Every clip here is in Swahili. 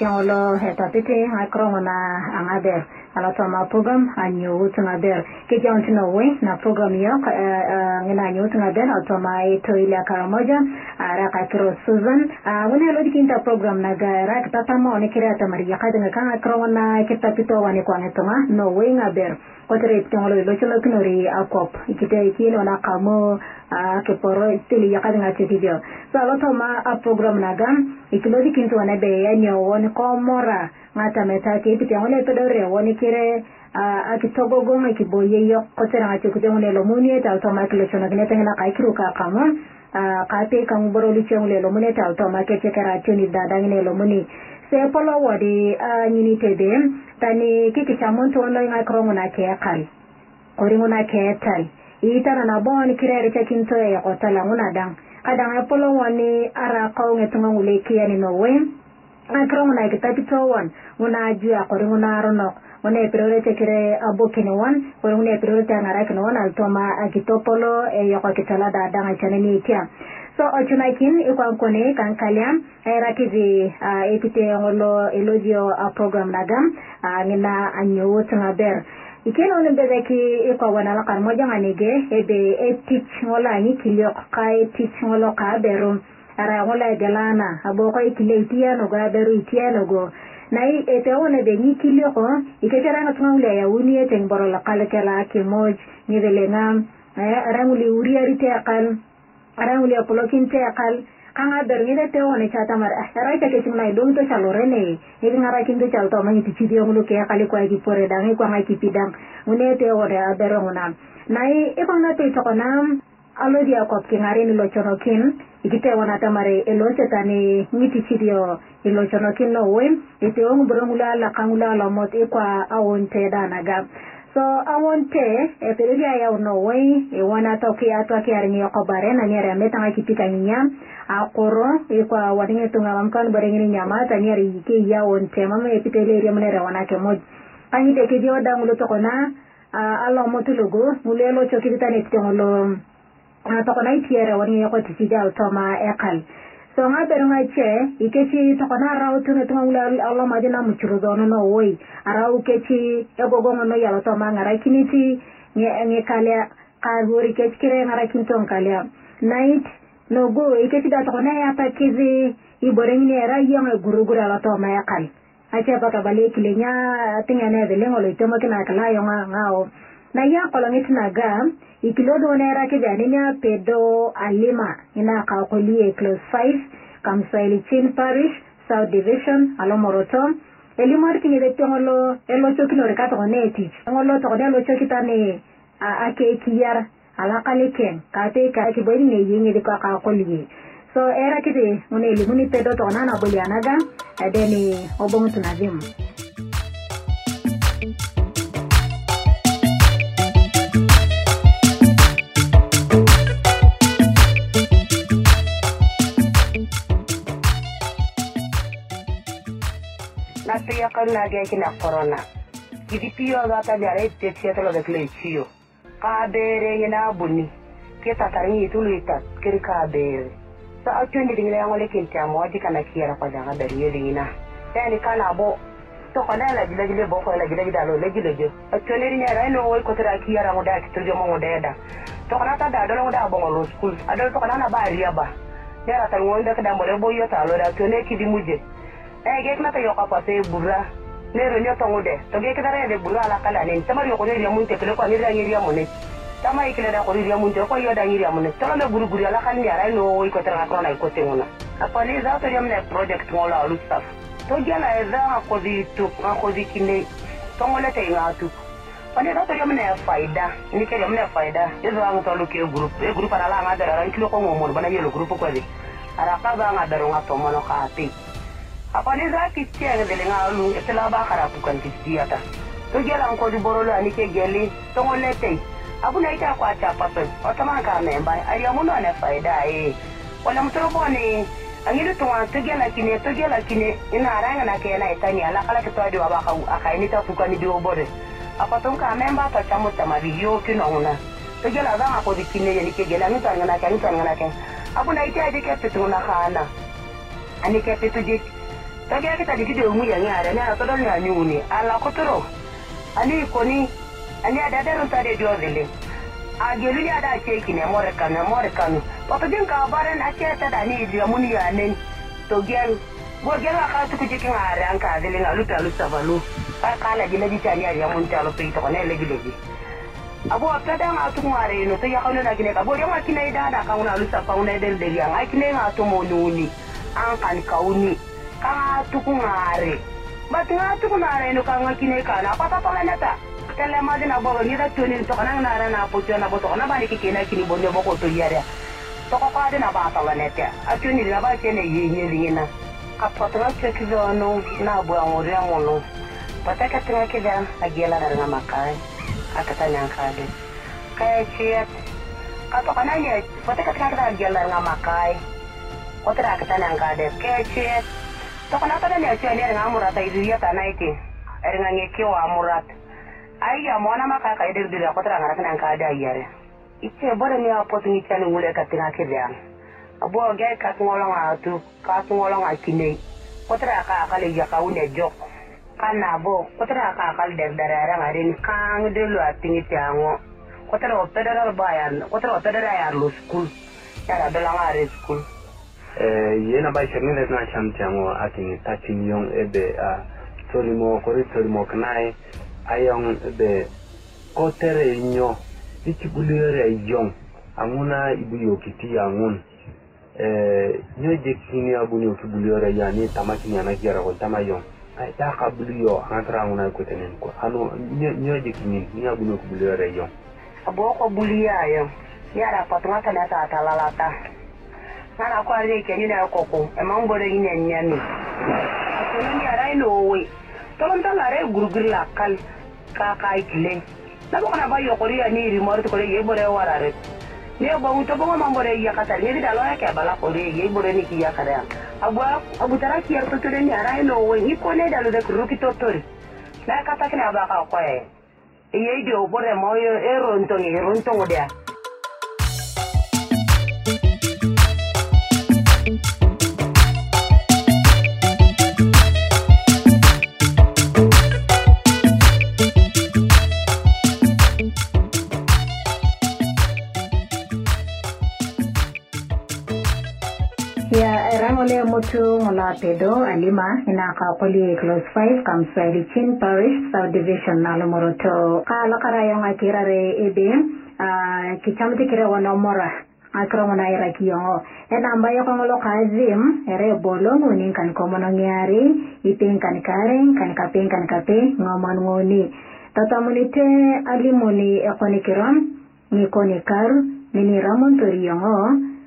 tiolo heta pite ha krongona angaber ala toma program anyu ber ke jaun tunawe na program yo eh, eh, ngina anyu tungaber ala toma ito ile karamoja yaqakiro suzan ah, wani lo dikinta program na ga rak tatama one kira tamari yakadanga kanga krona kita pito wani kwanga tama no wenga ber kotere tengolo lo cholo kinori akop ikite ikilo na kamo ah, keporo tili yakadanga chekibyo sa lo toma a program na gam ikilo dikinto wana be yanyo woni komora ngata meta ke pite wani pedore wani kire akitogogo ah, ngikiboye yo kotere ngati kutengolo lo munieta automatic lo chona kinete hela kaikiruka kamo Kape kang boroli cheng le lo mune tal to ma ke chekara cheni dadang ne lo se polo wadi nyini tebe tani kiki chamon to lo ngai krongo na ke kari koringo na ke tai itara na bon kirere cha kinto e ko tala nguna dang adang polo wani ara ko ngetunga ngule kiani no wen ngai krongo na ke tapito wan nguna ju akori nguna ronok kire wan unaipriority abokinawan ore unaipriority anarakinon altoma akitopolo chane ni itia so uh, ochunakin ikwankone e kankalya airakizi eh, ipite uh, ngolo elogio uh, program nagam nina ngina anyowot ngaber ikeno nbezeki moja mojanganige ebe e etich e e ngolo anyi kilio ka etich ngolo kaberu ara ngolo egelana aboko ikile itia itiyanogo aberu nogo nai eteone be nyikilio ikechara ng'atung'a ng'ule ayauni eteng boro lokal kelaa kimoj ng'ethele ng'am e, ara ng'ule uriari teekal ara ng'ule epolokin teekal kang'a ber ng'ide teone cha tamar ara eh, e chakechim na idong to chalorene e iking'arakin to chal tomany tichithio ng'ulu keekal kwa kipore dang ikwang'a kipidang ng'une teone abere ng'una nai ikwang'na to itokona alothi akop king'aren ilochonokin ikitewona tamar elosetani ng'itichithio ilochonokin wim itiong burungulala la mot ikwa awonte danaga so awonte epirilia yau nowoi iwana tokia twakiar yoko bare na niare ametanga kipika nginya akoro ikwa watinge tunga mamkan ngini nyama taniare yike ya yawonte mama epiteleria mnere wanake moja kanyite kivyo dangulo tokona uh, alomotulugu ngulelo chokivitane kitongolo uh, tokona itiere waningeko tisija utoma ekal son a beren ai che i kechi tokona arau tune tunga ngule ala maje na muchuru zono no woi arau kechi ego gongo no yalo toma ngara kini ti nge nge kalia kaguri kechi kire ngara kini tong kalia night no go i kechi da tokona ya pa kizi i boren ni era yong e guru guru ala toma ya kal ache pa ka bale kile nya tinga ne de lengo lo itoma kina kala yonga ngao naya kolongitina ga ikilodo naira kijaninya pedo alima ina kaokolie class 5 kamsaili chin parish south division alo moroto elimor kinyere elochokinore ka etich e ngolo togone elochokitane ake kiyar kate ka ne yinyere ka kaokolie so era kiti ngone elimuni pedo togona na bolianaga edeni obong'utu ya kan na ga kina corona gidi piyo za ta jare te te to da kle ciyo ka bere yana bunni ke ta tarin yi tulu ita kir ka bere sa a tun dinga yan wale kin ta mawadi kana kiyara kwa daga da riye rina yani kana bo to kana la gida gida bo ko la gida gida lo la gida gida a tun ne ra no wai ko tara kiyara mo da ki to jomo mo da ya da to kana ta da dole mo da bongo lo school adol to kana na ba riya ba yara tan wonda kada mo le boyo ta lo da to ne ki di muje Eh, e gek nata yoka kwa se burra ne ronyo tongu de to gek dara e de burra ala kala ne tamar yoko ne riamun te kle kwa ne riamun riamun ne tama ikle da ko riamun te ko yoda ni riamun ne tolo me guru guru ala kan ya rai no iko tara na iko tenguna apa ni za to yam ne project mo la lu staff to gela e za ko di tu ko di kine tongo le te ngatu wani da tori mene faida ni kere mene faida yezo ang tolu ke group e group ara la ngadara ran kilo ko ngomon bana yelo group ko de ara ka ga ngadaro ngato mono apaniza kitieng delenga lu etelaba karapukan kistiata tugela nko di borolo anike geli tongo letei abuna ita kwa chapa pe otama ka memba ariamuno na faida e wala mtorobo ni angiru tuwa tugela kine tugela kine ina aranga na kena itani ala kala kitwadi wa baka akainita ah, tukani dio bore apatonka memba ta chamu tamaviyo kinona tugela zama ko dikine yanike gela ngitanga na kanitanga na kan abuna ita dike pituna kana anike pitu dike tagea kita dikiti omu yang ngare na to don nyanyu uni ala kotoro ani koni ani ada ada rusa de diozile a gelu ni ada cheki ne more kan ne more kan papa jin ka baran a che ta dani di amuni ya ne to gel go gel aka su kala gila di tani ari amun ta lo pe to ne le abu ta da ma tu ngare no to ya kauna na gine ka bo ma kina ida da kauna luta fauna del del ya ngai kine ma to mo kauni katukunare ah, batinga tukunare no kanga kine kana patatolene ta kele madina boga ngida tunin tokana nara na pujo na boto na bani kikena kini bonyo boko to yare toko kwade na ba tolene ya ya ta atuni na ba chene yenye lina kapotna chekizono na bwa ngore mono pataka tinga na makai akatanya kade kaya chiat ya, katokana ye pataka tinga kida agela na makai Kau tidak akan kade kecil, ni tokonatana nĩaciani arĩ ngamũrata ithuia tanaiti erĩ ng'ang'ĩkĩ wa mũrat aiya mwana makaka ĩndĩ rĩu ndĩrakoterang'anake na nkandaiare itie bore nĩ opportunity nĩ ng'ũre katinakĩtheana abonge kaking'olong'a tu kaking'olong'a kinei kotera kaakaleya kaune jok kana bo kotera kang derderarang'aren kaang'ide lo ating'ite ang'o kotera opederal bayan kotera opederal yar lo school yara dolang'are school Eh, yena ba ichar ni lezna acham chango ati ni tachin yong ebe a ah, tori mo kori tori mo knai ayong ebe kotere nyo ichi buliere yong amuna ibu yokiti angun eh, nyo je kini abuni oki buliere ya ni tamaki ni anakiyara kwa tama yong ay ta kabuli yo angatara anguna kwete ni mkwa anu nyo je kini ni abuni oki buliere yong abuwa kwa buliere yong Yara patungata ni ata atalala ata ana kware ke nyina koko e ma ngoro yinya nyami asono ni arai no owe tolon ta lare gurgur la kal ka kai kile na bo kana ba yo kori ya ni ri mor to kore ye bore warare ne ba uto bo ma ngoro ya katar ne da lora ke bala kore ye bore ni ki ya kare abu abu tara ki yar to tore ni arai no owe ni ko ne de lo da ruki to tore na kata kina ba ka ko ye ye di obore mo yo e rontongi e rontongo dia to Mulapedo, Alima, Inakapoli, Close 5, Kamsweli, Chin Parish, Subdivision, Nalumoroto, akira re Ebe, uh, ah, Kichamti Kira Wanomora, akirong'o na irakiyong'o en ambayo kong'olo kazim ere bolong uning kan komo nangyari iping kan karen kan kaping kan kape ngomon nguni tatamunite alimuni ekonikiron ngikonikar mini ramon toriyong'o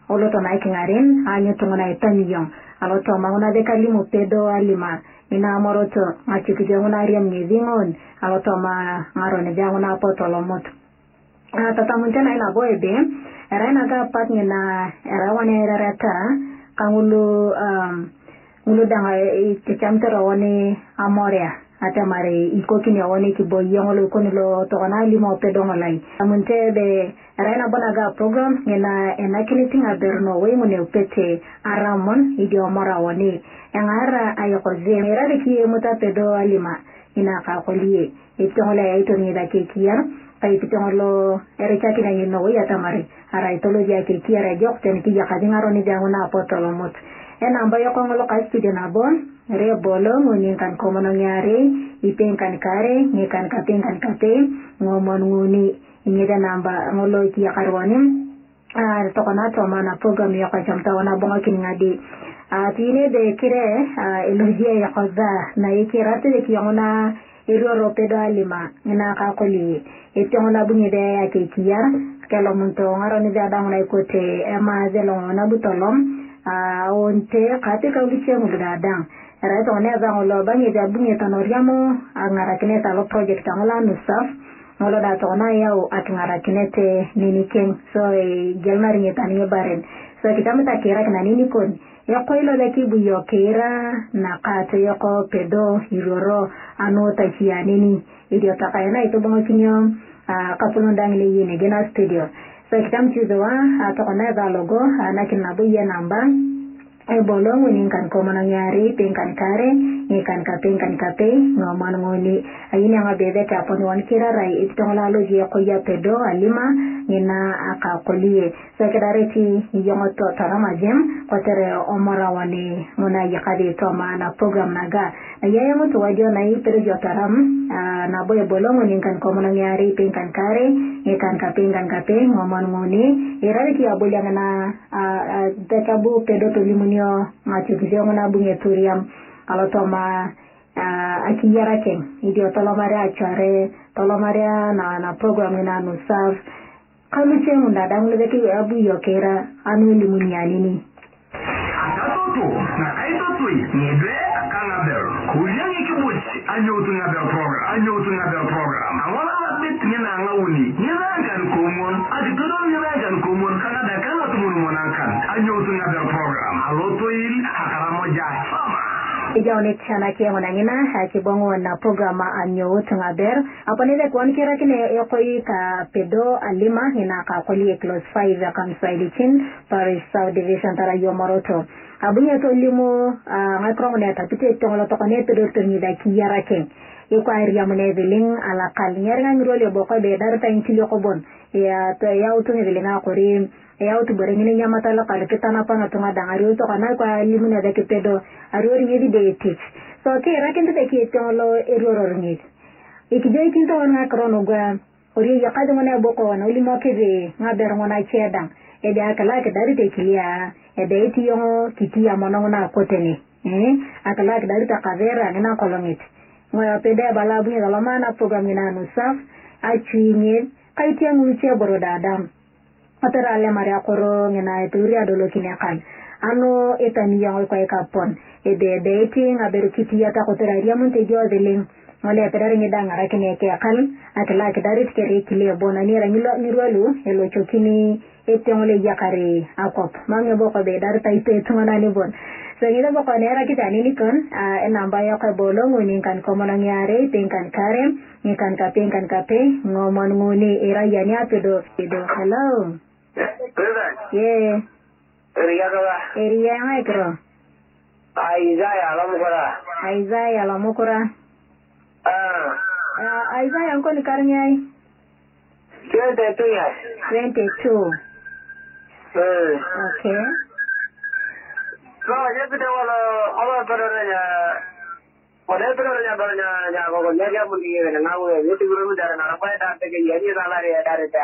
oloto naiking'aren anyutong'o na itanyiyong agotoma guna thekali mupedo walima ina moroto ngachikitio guna ariam nyevingon agotoma ngarone vya guna potolomot tatamuntena ina boebe era ina ga pat ngina era wane erereta kangulu um ngulu danga ichamtero wane amorea atamare ikokini awone kiboyongol koni lo tokona limo pedongolai amuntebe raina bonaga program ngena enakiniting aberno weimune upete aramon idiomora awone engara ayokoze eradikie mutapedo alima ina kakolie itongole aitongida kekiar kaipitongolo erechakina yinowoi atamare ara itoloji akekiar ejokten kijakajingaro nijanguna apotolomot En ambayo ko kong lokal studio nabon, re bolong ngunin kan ko nangyari, ipin kan kare, ngi kan kating kan kate, ngomon nguni, ingi da namba ngolo iki akarwanim, ya ah, toko na toma na program yo ya ka jamta wana bonga kin ngadi. Ah, tine de kire, ah, ilojia ya koza, na iki ratu de kiyongona, iru ropedo alima, ngina kakuli, iti e ngona bunyi de ya kekiyar, kelo munto ngaro ni de adang na ikote, ema zelong na butolom, aonte katika ulichemu binadamu rais oneza ngolo bangi ja bunge tanoriamo angarakinete alo project angola nusaf ngolo da tona yau oh, atungarakinete nini king so gelmar eh, ngetani yobaren so kitamta kira kana nini kon yoko ilo da kibu yokira na kato yoko pedo iroro anota kia nini idiotaka yana ito oh. bongo ah, kinyo kapulundangile yene gena studio pekitam uh, chuzowa logo uh, na kinabu iye namba ebolo woni kan ko mananyari pengkan kare kan ka pengkan kape ngoman ngoni ayini ang bebe ka pon kira rai itong lalo ji ko ya pedo alima ngina aka kolie sekadare ti yong to tarama jem ko tere omora woni ngona yakade to mana program naga ayayamo tuwajonai perjotaram ah, na boya bolongo ninkan ko nangyari pingkan kare ikan e kape kan kape ngomon nguni irari e kia boya ngana tekabu pedo tulimunio ngachukisio ngana bunge turiam kalau toma akiyara keng idio tolomare achare tolomare na na program ina nusaf kalu chemu ndadang lebeki abu yo yokera anu limunianini Atatoto na ni nyedwe anyootu nga bel program anyootu nga bel program awon ala bit nye na anga wuni nye na kan komon ati kodo nye na kan komon kana da kana tumun monan kan anyootu nga bel program aloto il hakara moja sama ijaune tena ke ngunangina ha ke bongo na programa anyo tunga ber apanele kwan kera kine yakoi ka pedo alima hina ka kwali close 5 ya kamsaili chin parish south division tara yo moroto abunya to limo ngakrong ne tapite tongolo tokone pedo tunyi da kiyara ken yukwa riamune viling ala kalnyar ngangro le boko be dar tan tilio kobon ya to ya utunye vilinga korim ya utu bare ngine nyama tala kare kita na panga tunga dang ari utu kana kwa limu na dake pedo ari ori ngedi de etik so ke era kento dake eti ngolo eri oror ngid iki jo iki nto wana krono gwa ori ya kaja ngone aboko wana uli mo kebe nga ber ngona chedang ede akala ke dari te kilia ede eti yongo kiti ya mono ngona akote ni eh akala ke dari ta kavera ngina kolo ngid ngoyo pede balabu ngida lomana poga ngina nusaf achi ngid kaiti ya ngulu chia boro da adamu ale mare akoro ngena e adolo dolo kinekan. Ano etani yang kwa e pon. Ede dating beru kiti yata koteraria munte adeling. Ngole perare ngeda ngara kine Atela ake darit kere leo bona nira ngilo nirwalu elo chokini ete ngole yakare akop. Mange boko bedar ngana ni bon. So ngida boko nera kita nini kon. Enamba ya kwa bolo nkan komono ngare tingkan karem. Ngikan kape ngikan kape ngomon nguni era yani do Hello. eriyama ikro aizaya lamukura aizaya nkoni karnyai twenty two years twenty two okay എപ്പിട്ട് ഒരേത്തരം ഞാൻ പറഞ്ഞ ഞാൻ കൊന്നേക്കാൻ മുന്നിൽ നാവ് വീട്ടിൽ കുടുംബം നടപ്പായിട്ടാട്ടെങ്കിൽ എരിയ നാളെ ഏറ്റാറിട്ടാ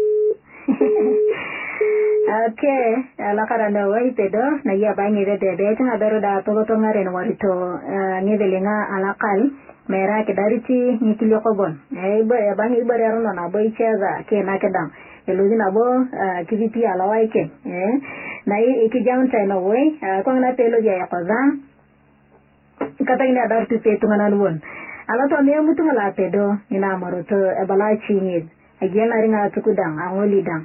Oke, eh, ala kara no wa ipedo na ya ba ngi vede be tanga beru da to to ngare no warito eh, ngi vele nga ala kal mera ke dari ti ngi kilo ko bon. Ei eh, ba ya ba ngi ba reru na na ba ike za ke na ke dam. Elo na bo kivi pi ala wa ike. Na i iki jang tsai no wa i kwa ngana pelo ya ya kwa Kata ngi na dari ti pe tunga na nuwon. Ala to me mutu ngala pedo ngi na maruto e bala chi ngi. agiya mari nga tuku dang a ah, ngoli dang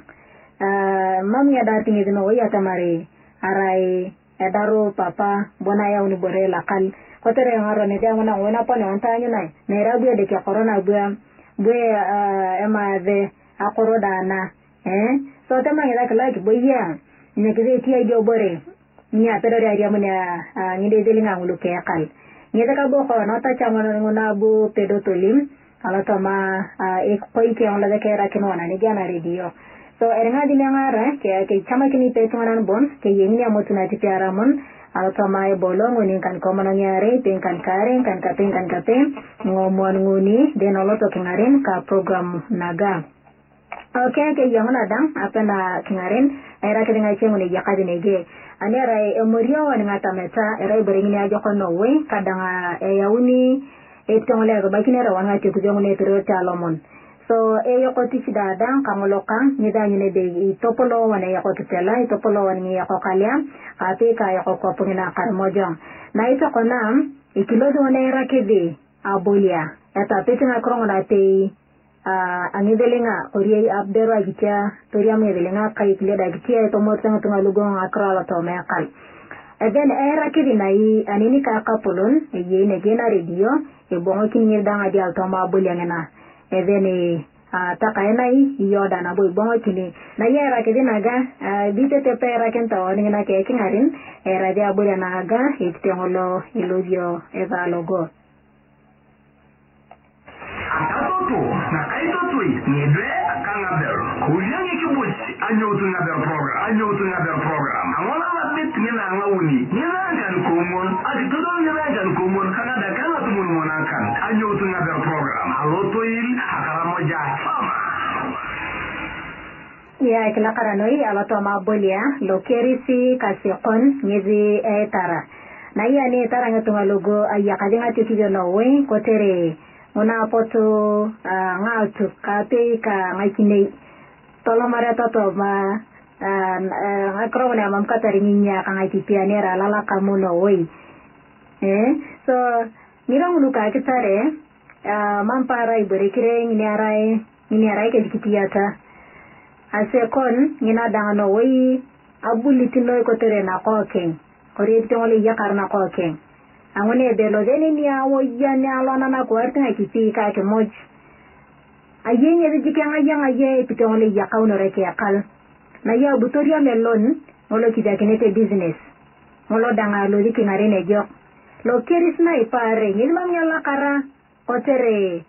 mam ya dati ngi dino ya tamari arai edaro papa bona ya uni bore la kal kotere nga ro ne dia ngona ngona pa ne onta nyu nai ne ra bu de ke corona bu bu ah, ema de a corona na eh so tama ngi dak like bo ya ne ke ti ya jo bore ni atero ri ariamu ne ngi de de linga ngulu ke kal ngi da ka bo ko nota chamono ngona bu pedotolim tolim alatoma uh, ah, eh, ke onda la kera ke nona ni gana radio so erenga nanga ra ke ke chama kini pe tumanan bon ke yengi amotuna ti piara mon alotoma e bolong ni kan na nyare pen kan kare kan kapen kan kapen ngomon nguni den oloto kingaren ka program naga Oke, okay, ke yang dang apa na kemarin era kita ngai cengu ni yakadi nege. Ane era e, e murio wan ngata meta era e beringin aja kono we kadang ayauni etong etongolego bakine rawana chekujongune ta lomon so eyokoti chidada kangoloka nyidanyine be itopolo wana yakotitela itopolo wana ngiyakokalya kapi kayakokopungina karmojo na itokona ikilojone erakebe abolya etapitinga korongona tei angibelenga oriai abdero agitia toriamu ebelenga kaikileda agitia tomotanga tunga lugonga akrala tomekal Eben era kidi na i anini kakapulun, e yei negena radio, ibongokini dangadi altoma bulengena edeni taka enai iyoda nabo ibongokini na ye erakiti naga bitetepe erakinta oningina kekingarin eradi abure naga ititengolo ilovio eca logo atoto na kaitotui eh. nyedwe akangaber kulyangi kibuci anyoutu ngaber program anyoutu ngaber program angola mabit ngina angauni ya kila karanoi ala to ma bolia ya. lo kerisi kasi on nyezi e eh, tara na iya ni tara nga tunga logo ayya kaje nga tiki no we ko tere ona poto ah, nga tu ka te ka nga kine tolo mara to to ma nga kro na mam ka tari ka nga ti pianera lala kamu we eh so mirang luka kitare ah, mampara ibere kire ngini arai ngini arai ke yata asekon ngina dangano wai abulitino e kotere na kokeng koret e tong le yakar na kokeng angone e belo deni ni awo ya ni alana na kuarte na kiti ka ke moj aye nye de jikan aye aye pitong le yakau no reke akal na ya butoria melon molo kida kinete business molo danga lo diki na ne jok lo keris na ipare ngilmang nyala kara kotere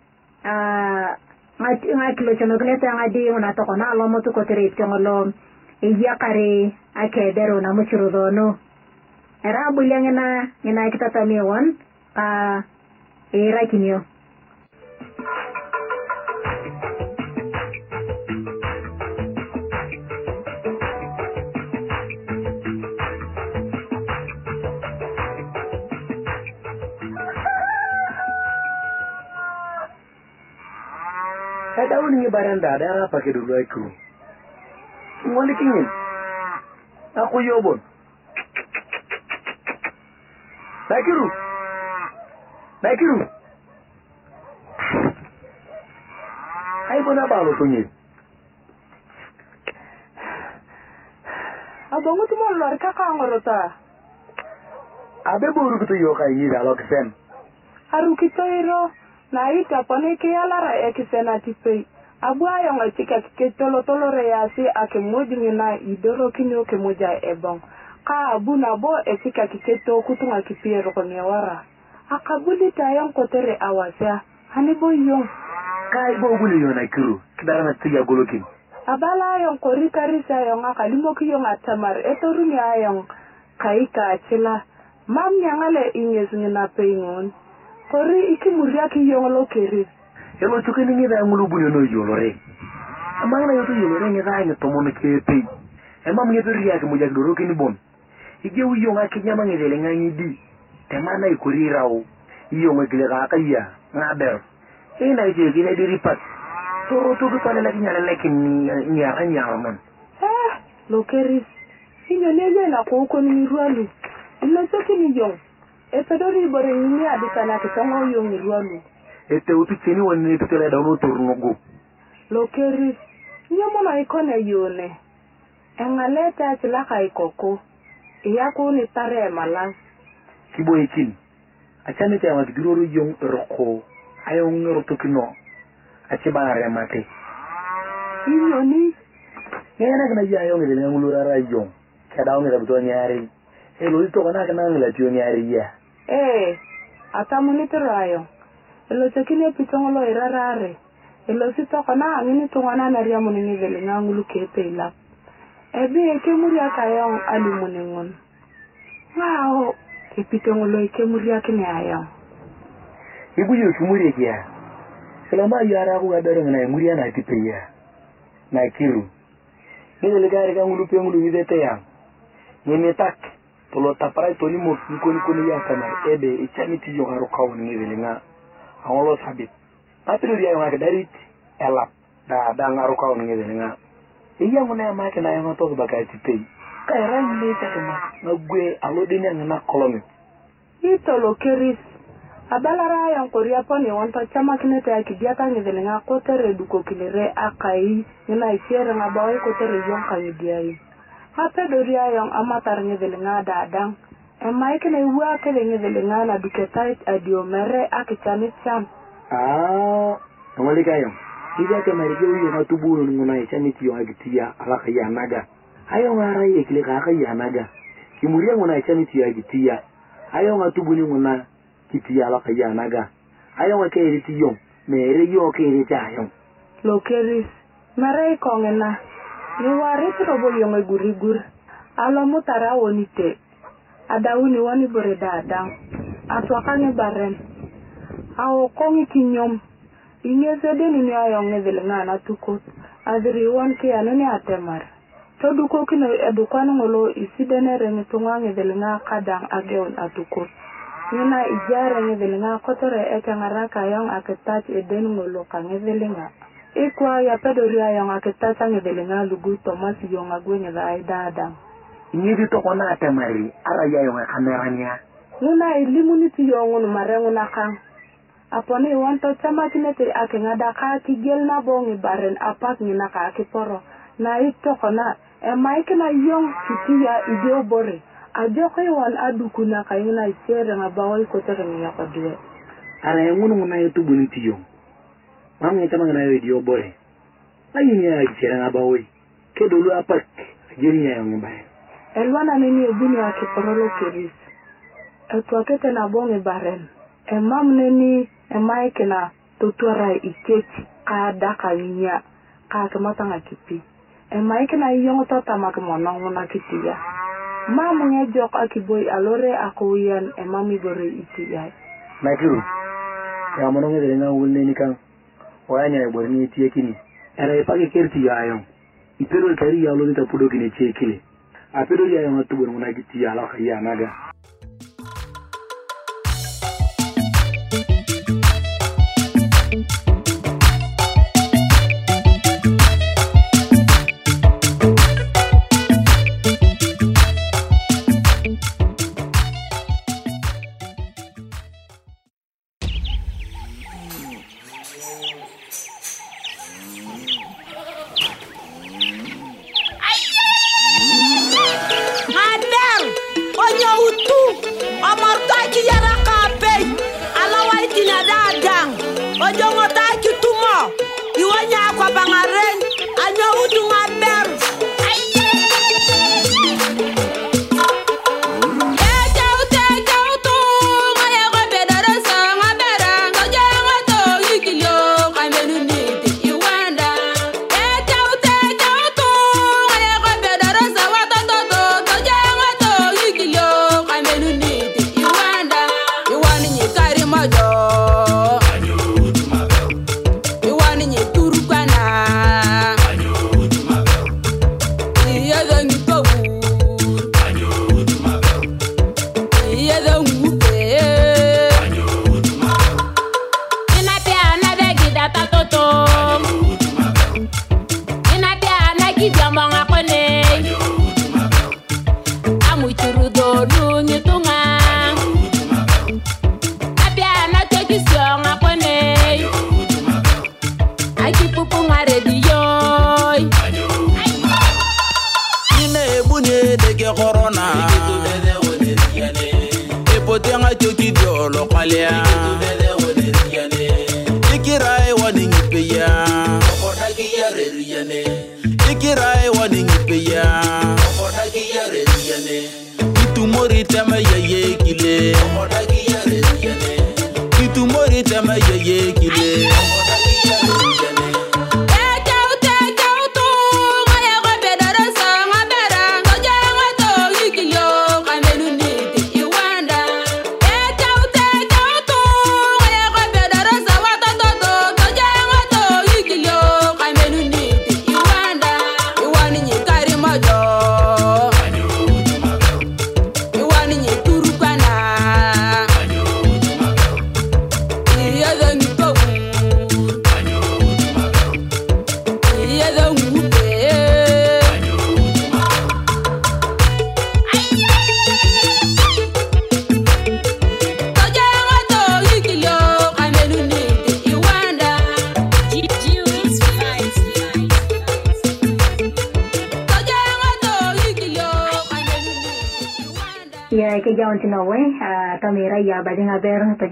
ah nga kilo chonogleta nga di una to kona lo motu ko tirit ko lo iya kare ake dero na muchuru dono era bulya ngena ngena kita tamiwan pa era kinyo Saya tahu nih baranda ada apa ke dulu aku. Mau dikingin. Aku yobon. Ya, Nakiru. Nakiru. Ay bona ba lo tunyi. Abongo tumo mau luar ka ngorota. Abe boru kutu gitu, yo kai ni da lo ksen. Aru kitoiro. na ita pone ke ala ra e ke sena ti pe abu ayo ma ti ka ke tolo tolo re ya si a ke moji ni na i e do ro ki ni o ke moja e bon ka abu na bo e ti ka ki ke to ku tu ma ki pe ro ko ni wara a ka bu ni ta yon ko tere awa sa ha ni bo yon ka i e bo bu ni yon ai kru ki da na ti ya golo ki a bala yon ko ri ka ri sa yon a ka li mo ki yon a tamar e to ru ni ayo ka i e ka chila mam nyangale inyesu ni na pe ngon ore ikimuria ake iyong olokeri elochukeni ng'ithae ng'ulubulio noyiolore amang na yoto yiolore ng'ithae ng'itomono kiepei emam ng'eperri akimujakidorokini bon ijeu iyong akijama ng'ethele ng'ang'idi temana ikori irau iyong ekilekaakayia ng'abero inaitiekile diripat torotoki palelek nyalelek nyiaraman eh lokeri inyonelwe nakuokoni ng'irwalu ilosokini yong epedori bore ni adikana kitamo yong ruanu ete upichini e wani da dauno turnugo lokeri nyamona ikone e yone engalete achilaka ikoko e iyakuni tare malang kiboekin achanete awakiduroro yong eroko ayongero tokino achibaremate mate. ng'enakina yi ayong'ete ng'ang'ulorara yong ra yong. kedaung'eta buto nyarei elotitoko nakina ng'ila tiyo nyarei ya ee atamunitiro ayo elosakini epitongolo irarare elosi tokona ang'ini tung'ana nariamunini vile ng'ang'ulu kepeilap ebi ekemuriak ayong alimuning'on ng'ao epitong'olo ekemuriakini ayong iguyo kimuriakia ilama yaraku kadorong na emuria na tipeya na kiru nithilikari kang'ulu peng'ulu yang ng'imitak polotapara toni mo nkonikoni yang sama ebe ichani ti yo garo kau ni bele nga awon lo sabit patri yang ayo darit elap da da ngaro kawo ni bele nga iya ngone yang ke yang yo sebagai titik, ka ti pe ka ya ra ni ta ke ma na gwe alo ya itolo keris abalara ya nkoria ya po ni wonto chama kinete ya kidiaka ngivele nga kotere duko kilere akai nina isiere nga bawe kotere yonka yudiai apedori ayong amatar ngethele nga dadang emaiki na iwu akele ngethele nga na duketait adiomere akichanichan ngolika yong ijake marige uye natubuno ninguna ichanit yong agitia alaka yanaga ayo ngara iye kilika aka yanaga kimuria nguna ichanit yong agitia ayo ngatubuni nguna kitia alaka yanaga ayo ngakeiriti yong mere yong keiriti ayong lokeris mare ikongena ni wari kurobolio mai gurigur alo mutara woni te adauni woni bore dadan atwakani baren awo kongi kinyom inyeze deni ni ayo ngedhil ngana tukot adhiri won kiyanu ni atemar to duko kino edukwan ngolo isidene remi tunga ngedhil nga kadang ageon atukot nina ijare ngedhil nga kotore eke ngaraka yong aketati eden ngolo ka ngedhil nga ikwaya pedori ayonga kitasang'ithilinga lugu tomas yonga gwing'ithaa idada inyithi tokonate mari araya yonga kamerania ng'una elimu nitiyong'un mareng'unaka aponi iwon tochamakinete aking'adaka kigel nabo ng'ibaren apak ng'inaka akiporo na itokona emaikina yong kitia ijo bore ajok iwon adukunaka ing'ina ichere ng'abawoi kotere ng'iyokodwe ara eng'un ng'una etubunitiyong mami ita magana yau idiyo bore ayi ne ya jira na ba wai ke dolu a park a jirin ya yawon bayan elwana ne ne ebi ne a kekwararo keris etu a kete na bonge baren emam ne ni emai e ke na tutuwara ikeci ka da ka winya ka kemata na kipi emai e ke na iyo ngoto ta maka mwana ngona kitiya mamu nge jok a kiboi alore a kowiyan emami bore ikiyai Michael, ya mwana ngezele nga wulne ni kang oyanya ebor ni tie kini era e pagi kerti ya yon ipero tari ya lo ni tapudo kini tie kile apero ya yon tubo ngona gitia la khia naga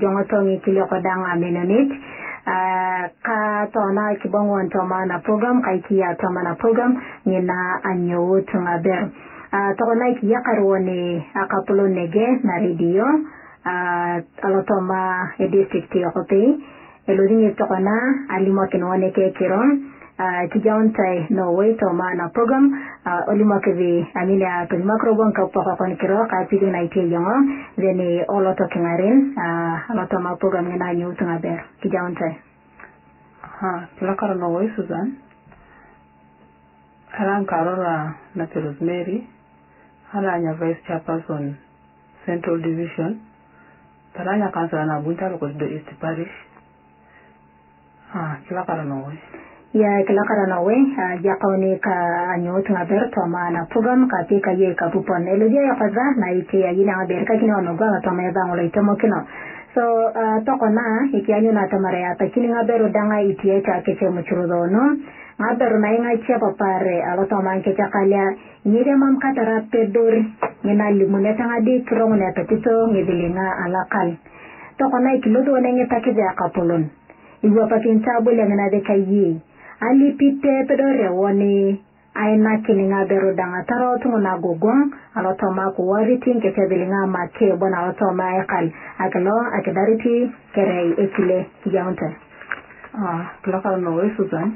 tongi kilo ko danga menonit uh, ah, ka tona kibongo antoma na program kai iki ya toma na program ngina anyo tunga ber uh, ah, toko na iki ya akapulo nege na radio uh, ah, alotoma e district yokopi elodini e toko na alimokin wone kiron tijaontai uh, no weyto mana program uh, olimo kevi amila tolimakro gwang ka poko kon kiro ka pidu na itie yongo veni oloto kingarin uh, oloto ma program ngina nyu tunga ber tijaontai ha karo no wey Susan karan karora na Rosemary nya vice chairperson central division nya kansala na bunta lokodo east parish ha ah, karo no wey yaakila qaranawe yaqawni ka anyut ngaber toma na pugam ka pika ye ka pupon eludia ya kaza na ite ya yina ngaber ka kina onogwa na toma ya zangulo itomo kino so uh, toko na iki anyu na tamara ya takini ngaberu danga ite ya cha keche mchurudo no ngaberu na inga chia papare alo toma anke cha kalya nyire mam katara pedori ngina limuneta ngadi kirongo na petito ngidilinga alakal toko na ikilodo wanenge takiza ya kapulon iwapakintabule ngina dekayi alipite pedo rewoni ainakininga bero danga taro tunguna gugong alotoma kuwariti nkekebilinga make bona alotoma ekal akilo akidariti kerei ekile yaunte ah kulakara no we susan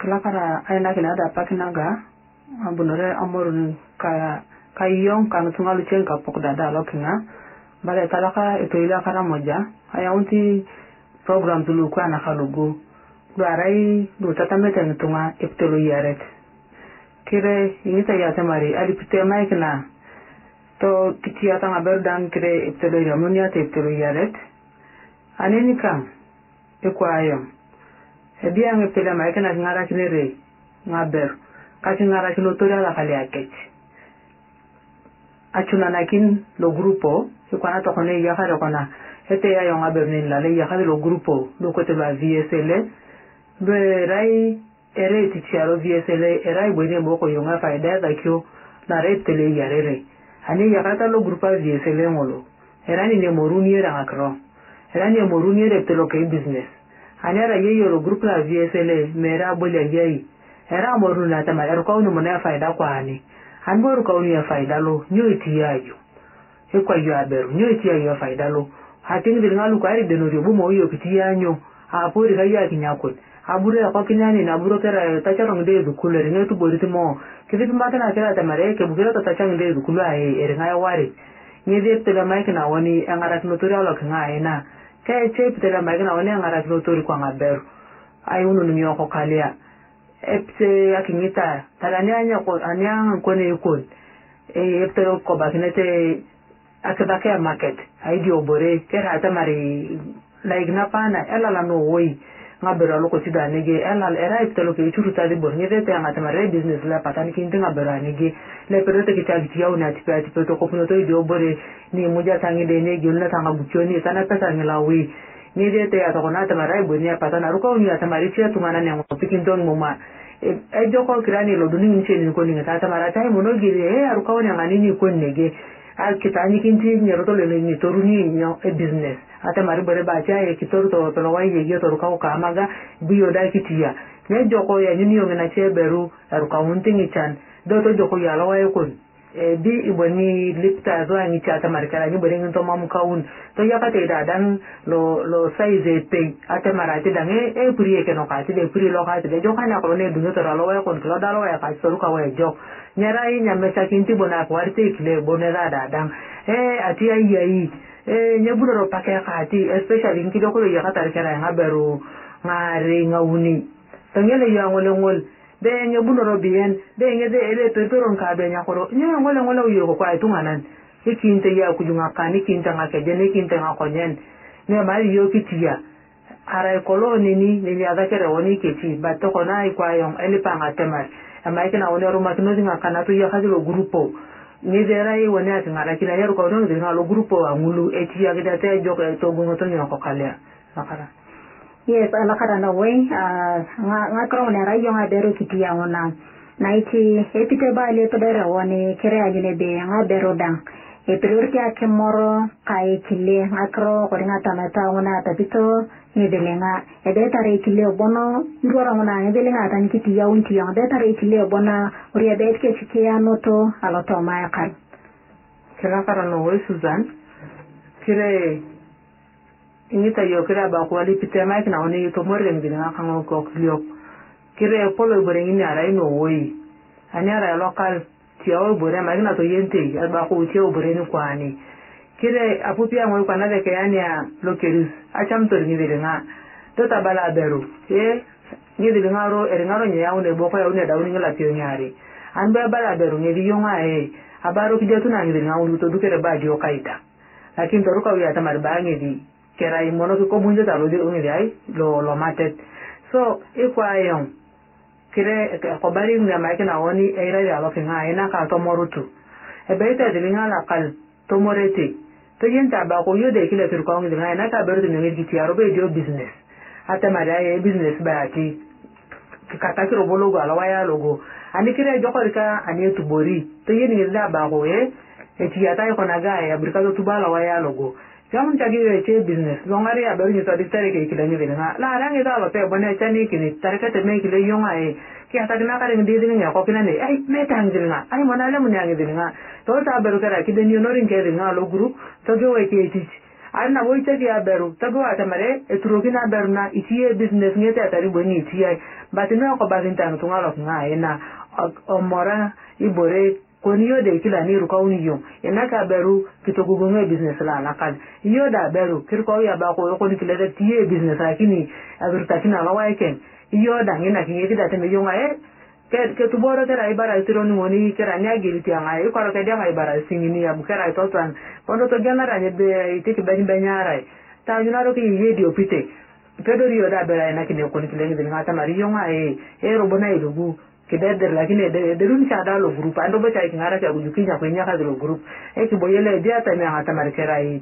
kulakara ainakina da pakinaga abunore ah, amorun ka kayon kan tungalu chen ka pokda da lokinga bale talaka etoila kara moja ayaunti program tulukuwa na kalugu doarai durtata meteng tunga iptulu yaret kire ingita yate mari ali mai ikna to tikiyata ngaber dan kire iptulu yamun yate iptulu yaret aneni kam ikwayo ebiang iptema ikna ngara kinere ngaber kasi ngara kinotoria la kali akech achunanakin lo grupo ikwana tokone yakare kona ete yayo ngaber nin la le yakare lo grupo lo kote la VSLS berai ere ticharo VSLA erai bwene boko yonga faida takyo na ret tele yarere ani yakata lo grupa VSLA ngolo erani ne moruni era ngakro erani moruni era telo ke business ani ara ye yoro grupa VSLA mera bolia yai era moruni na tama er kauni mona faida kwa ani an boru kauni ya faida lo nyo itiyayo ekwa yo aberu nyo itiyayo faida lo hatin dir ngalu kwari denori bumo yo kitiyanyo apori kayo akinyakot aburo ekokinyani na aburo kera eh, tacharo ngide zukulu ringa tu mo kivipi mata na kera tamare kebukira ngide zukulu ai ah, eh, eringa ya wari ngide maiki na engarakinotori alokinga ai na kaya chep maiki na engarakinotori kwa ngaberu ai unu nimioko kalia epse akinyita talani anya ko anya ngone yukun e market aidi obore kera tamare laigna pana ela no nga bero aloko ti da nege ala era ipte loke ituru ta di borne vete nga temare business la patani ki nte nga bero a nege le pero te kiti agiti yao ne atipe atipe to kopuno to ide obore ni muja tangi de nege ulna tanga bucho ni etana pesa ngila wii ni vete ya toko na temare ibo ni apata na ruka uni ya temare ti ya tungana ne ngopi kinto ni muma ejoko e kirani lodo ni nche ni nko ni nge ta temare ta imono gire ee aruka uni ya ngani ni nko nege kitaanyikintii nyerotor lelo nyitoruni nyo e business ate maribore bachae kitor tolowai yeyo torukau kamaga biyoda kitia nejoko yanyuni yongina cheberu erukaunti ng'ichan do tojoko yalowai kun Eh, di ibani lipta zo ani cha ta markara ni bere ngonto mam kaun to ya pate da dan lo lo size te ate marate dan e eh, e eh, puri e keno ka de puri lo ka de jo kana ko ne dunyo tara lo wa kon lo da lo wa ka so ka wa jo nyara i nya me kinti bona ko arte ikle bone da da dan e ati ai ai e nya buro ro pake ka ati especially ngi do ko ya ka tar kara ha beru ngari ngawuni to nyele ya ngol ngol benge buloro bien benye de ele perperon ka benya nya koro nyo ngole ngole uyo ko kwa tunganan ikinte ya kujunga kani kinta ngake jene kinta ngakonyen ne ma yo kitia ara koloni ni kolo ya da kere woni ba to kona ai kwa yong ele pa panga temar amma ikina woni ruma kino zinga kana to ya kajiro grupo ni dera yi woni ati ngara kila yero ko don zinga lo grupo angulu eti agida te joke to gungo to nyoko kalya makara Yes, alakara na we uh, nga nga kro na rayo nga bero kitia ona na iti epite ba le pedere woni kere ajine be nga bero dang e priority ake moro kai kile nga kro ko nga tamata ona tapito ni delenga e beta re kile obono ngora ona ne delenga tan kitia unti yang beta re kile obona uri bet ke chikia noto aloto ma yakal kira kara no we Susan kire ingita yo kira ba ko ali pite mai kina oni to morgen gina na kan ko klio kire polo bore ngini ara ino woi ani ara lokal ti o bore mai kina to yente ba ko ti o bore ni kwani kire apupia ngoi kwa na deke yani ya lokeris acham to ngi dire na to ta bala beru e ngi dire na ro er eh, ngaro nya yawne bo ko yawne da woni ngala ti o nyari an ba bala beru ngi yo nga e abaro kidatuna ngi dire na woni to dukere ba di o kaita lakini toruka uya tamar ba ngi dire que era el mono que como yo tal vez uno de ahí lo lo maté so y cuál es un que cobrar un día más que no ni era de algo que no hay nada que tomar otro el beta de niña la cal tomar este te quien te abajo yo de aquí le tiro con de niña nada que ver de niña de tiaro que yo business hasta María es business para ti que cada que robo logo alaba e e e, ya logo a mí quería yo para que a mí tu borí te quien le abajo eh el tiaro con agua ya brincando tu balaba ya logo yamunchagiyoi business yongari ya bel nyisa distari ke ikile nyi nga la rangi ba pe bone chani kini tarka te me ikile yonga e ki ata dina kare ndi dini ya kopina ne ai me tangil nga ai mona le munya ngi nga to ta bel kara ki den yonorin ke nga lo group to go ke ti ai na woi chagi ya beru to go ata mare e na beru na itie business ngi te atari boni itie ba tinu ko ba na koniyoda kilaniru kauniyo enaka beru kitogugunge business la nakal iyoda beru kirko ya ba ko ko ni kilada tiye business akini agirta kina la waiken iyoda ngina kinye kida teme yonga e ke tuboro kera ibara itiro ni moni kera nya giliti anga e koro ke dia ibara singini ya bukera itotan pondo to genara ne be itiki bani banyara ta yunaro ki yedi opite pedori yoda bera na kinye ko ni kilada ngata mari yonga e e robona ilugu kidedir lakini ededirunisha hata lo group ando bacha ikingara cha kujukisha kwenye kazi lo group eti boyele dia tani hata marikera hii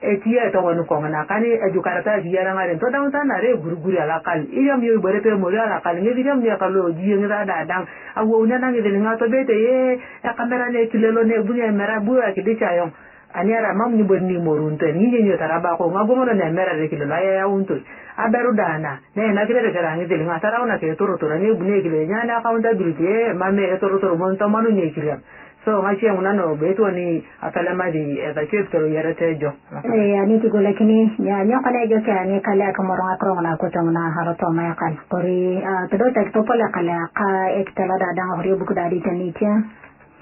e. e eti ya eto wanu kwa mna kani edukarata ya jiyara ngare nto dangu sana re guri guri ala kali ili ya miyo ibarepe mori ala kali ngezi ya mnye kalu yo jiyo ngeza da adang awo unya nangi zeli ngato bete ye ya e kamera ne kilelo ne bunye mera buwe ya kidecha yong aniara mamu nyubo ni moru nto nije nyo tarabako ngagomoro ne mera re kilelo ya ya untoi aberu dana ne na kire de kara ngi dilinga ona ke toro toro ne bune kire nya na accountability e eh, mame e eh, toro toro mon to manu ne kire so ngachi nguna no beto ni akalama di e eh, da ke toro yara te jo e ya ni tigo lakini ya nyo kana jo kira ni kala ka moronga krong na ko tongna haro to ma kan kori to do tak to pala kala ka ektala da da hori buku da di tanitia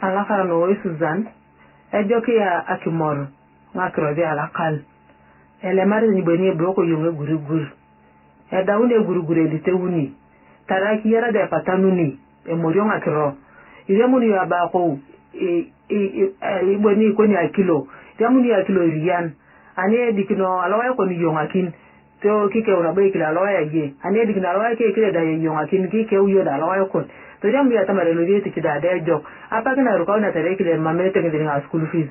ala kara no Suzanne e jo kia akimoro ngakro bi ala kal ele mari ni bani bloko yunga guri guri edaune egurugureli teuni taraki yarada epatanuni emoriong akiro iremuni abakou e, ibweni ikoni akilo iremuni akilo irian ani edikino alawai koni yongakin to kikeuna boikila alawai aye ani edikino alawai kekile da yongakin kikeu yoda alawai kon toriam yatamare lorieti kidada ejok apakinarukau na tarekile mametekidiriga school fees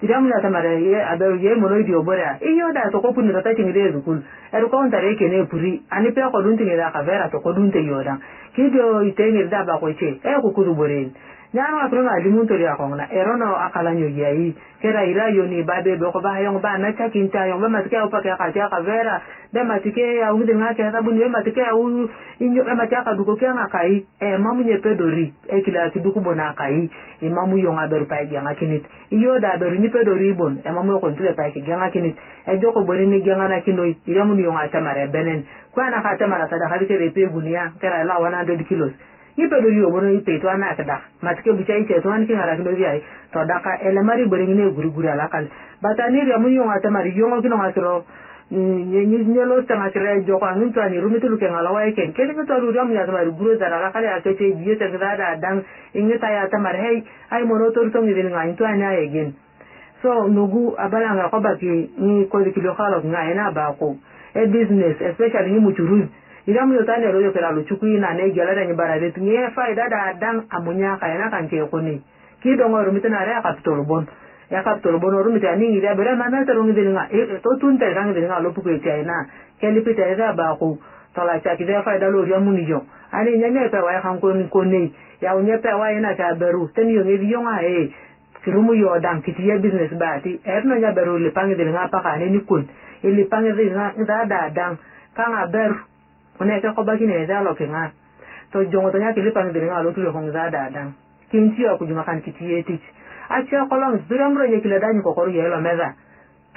tiramna tamara ye abe ye mono idio bora iyo da to ko punira ta tingire zukun er ko onta re kene puri ani pe ko dun tingire ka vera to ko dun te yodan kido itengi da ba ko che e ko boren nyarwa tuna limun to ya kongna erono akala nyo yayi kera ira yo ni babe be ko ba yong ba na ta kinta yong ba matike upa ka ka ka vera matike ya ude nga ka sabu ni matike ya u inyo ma ta ka duko kya kai e mamu nye pedori e kila ki duko bona kai e mamu yo nga beru pa ya nga kinit iyo da beru ni pedori bon e mamu ko ntule pa ki nga kinit e joko boni ni nga na kino ira mu yo nga tamare benen kwa na ka tamara sada ka ke be gunia kera la 100 kilos ipedo yomoro ipeto ana kidak matike bucha icheto an ki ngarakino biai to daka elemari borengine guruguru alakal batani riamu yonga temari yongo kino ngatro nyelo tanga tire joko angin tuani rumi tulu ke ngalawa eken kele ke tuaru riamu ya temari guru zara alakal ya kete biye tengdara dang ingeta ya temari hei ai monotor tongi dini ngain tuani ya egin so nugu abalanga kobaki ni kodi kilo kalok ngaina bako e business especially ni muchurui ida mu yota ne ro yo pela luchu kuina ne gela da nyibara de tu ye fa ida da adam amunya ka ina kan ke kuni ki do ngoro mitena re kapitol bon ya kapitol bon ro mitena ni ida bere na meta ro ngi nga e, e to tun te ga ngi nga lo pu ke ke ina ke li pite ida ba ku to la cha ki de fa ida lo ri amuni yo ani nya ne pe wa ya kan ya unye pe wa ina ka beru te ni yo ne diyo nga e kirumu yo dan kiti ya business ba ti er no nya beru le pangi de nga pa ka ni kun ili e, pangi de nga da da dan kan a beru unaweza kwamba kinawezalo king'aa so jongo tonyake lipangilinga kilihongza dadang kinchio kujumakan kitiyetich achia kolong zuriamroye kiladanyi kokoruyailo metha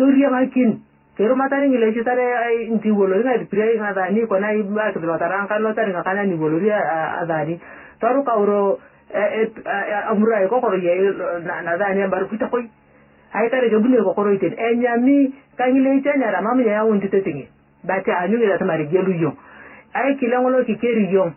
ngile kerumataringile tare nti wolori ng'athipiria ng'athani kona akithilotarankanlo nga kana ni ka uro amura ye na wolori athani torukauro amurai kokoroyai nathani embaru kuitakoi aikare jobune kokoroiten enyami kang'ile ya ichenyara mamunyayawuntiteting'e bati anyug'etatimarigieluyo ai kilang ulo ki keri yong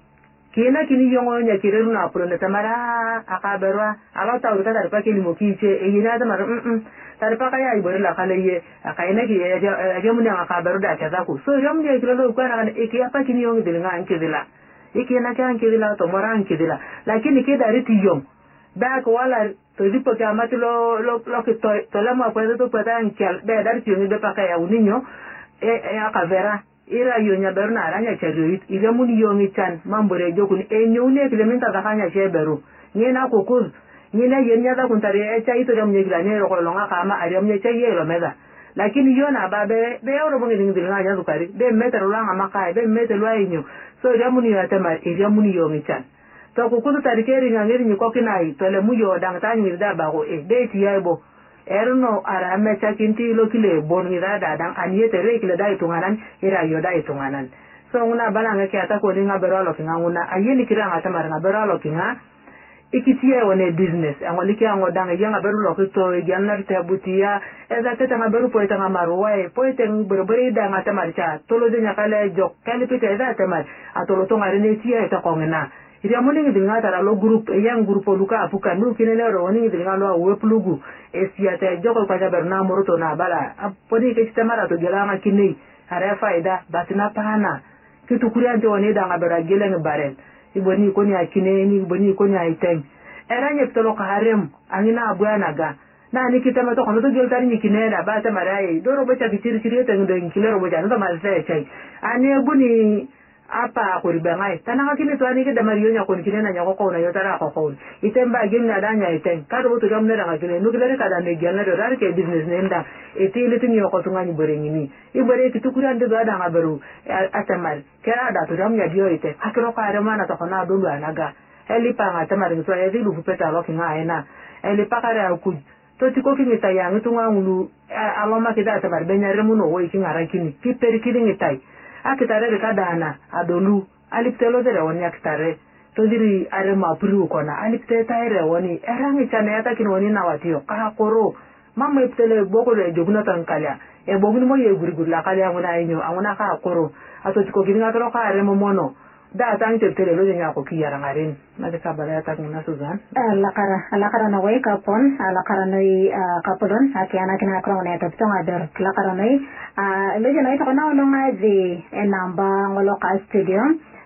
kina kini yong ulo nya kiri runa apuro na tamara akaberwa ala tau ruta tarpa kini mo kiche e yina tamara mm mm tarpa kaya ai bori lakale ye akaina ki ya e, e, jamu nya akaberu da cha zaku so jamu nya kilo lo kwa na kana eki apa kini yong idili nga anki dila eki na kia anki dila to mora anki dila lakini kida riti yong Back wala to zipo kia mati lo lo lo ki to to lamu apuro to pata anki dila dari tiyongi de pakaya uninyo e e akavera irayo nyaberu nara nyachariyoit iremuni iyo ngichan mambure jokun enyoune eh, kilemin tataka nyasheberu nyena kukuz nyena yen nyaza kuntari echa eh, ito ya mnye gila nyero kwa longa kama ariyo mnye cha yelo meza lakini iyo na ba be be euro bongi ningi zilinga nyazu kari be mmete rulanga makaye be mmete lua inyo so iremuni iyo atema iremuni iyo ngichan so kukuzu tarikeri nyangiri nyikoki nai tole muyo dangtanyi nyirida bago e be iti yaibo erno aramechakinti ilo kile bon ida dadan aniete re kile da itunganan ira e yoda itunganan so nguna balanga kia ta ko linga bero lo kinga kira ngata mar nga bero kinga ikitie e one business angoli ke ango danga e yanga bero lo kito yanar te butia ya, eza teta nga bero poeta nga marwae poeta bero ida ngata mar cha tolo de nyakale jok kale pita eza temar atolo tonga rene tie ya eta kongena iria muningi dilinga tara lo grup eh, yang group luka apuka nu kinene ro woningi dilinga lo we plugu esia siata joko kwa jabar na moroto na bala poni ke chitamara to gelanga kinei ara faida batina pana kitu kuri ante woni da ngabera geleng baren iboni koni akine ni iboni koni aiteng era nye ptolo ka harem angina abwana ga na ni kitama to kono to gel tari ni kinena ba ta marai doro bocha bitir kiriyete ndo nkilero bocha ndo mazese chai ane buni apa kuri bengai tanaka kini twani ke damariyo nya kon kine na nya ko na yotara ko ko itemba gin na danya iten kar butu gam na daga kine nuklere kada ne gyan na do rar ke business ne nda eti litin yo ko tunga ni bere ngini i bere ki tukura ndu ga da ngabaru atamal kera da to gam nya biyo ite hakiro ka re mana to na do lu anaga eli pa nga tamar ngi to di lu peta ro ki nga ena eli pa kare ku to ti ko ki ni tayangi tunga ngulu eh, aloma ki da tamar benya re mu no wo ki ngara kini ki per ki tai akitare rikadana adolu alipte lotherewoni akitare todiri are mapuriu kona alipte tairewoni erang'ichana yatakinwoni nawatiyo kaakoro mama iptele bokolo ejogunoton kalya eboguni moyegurigurla kalya ang'una ainyo ang'una kaakoro atotikokiring'akiro kaaremo mono daatang tirtire lo jenga ko kiyara ngarin na de kabala ta kuna suzan ala eh, kara ala kara na way kapon ala eh, kara noy eh, kapolon ati ana kina kro na ta tonga der ala kara noy lo jenga ito na ulong azi enamba ngolo ka studio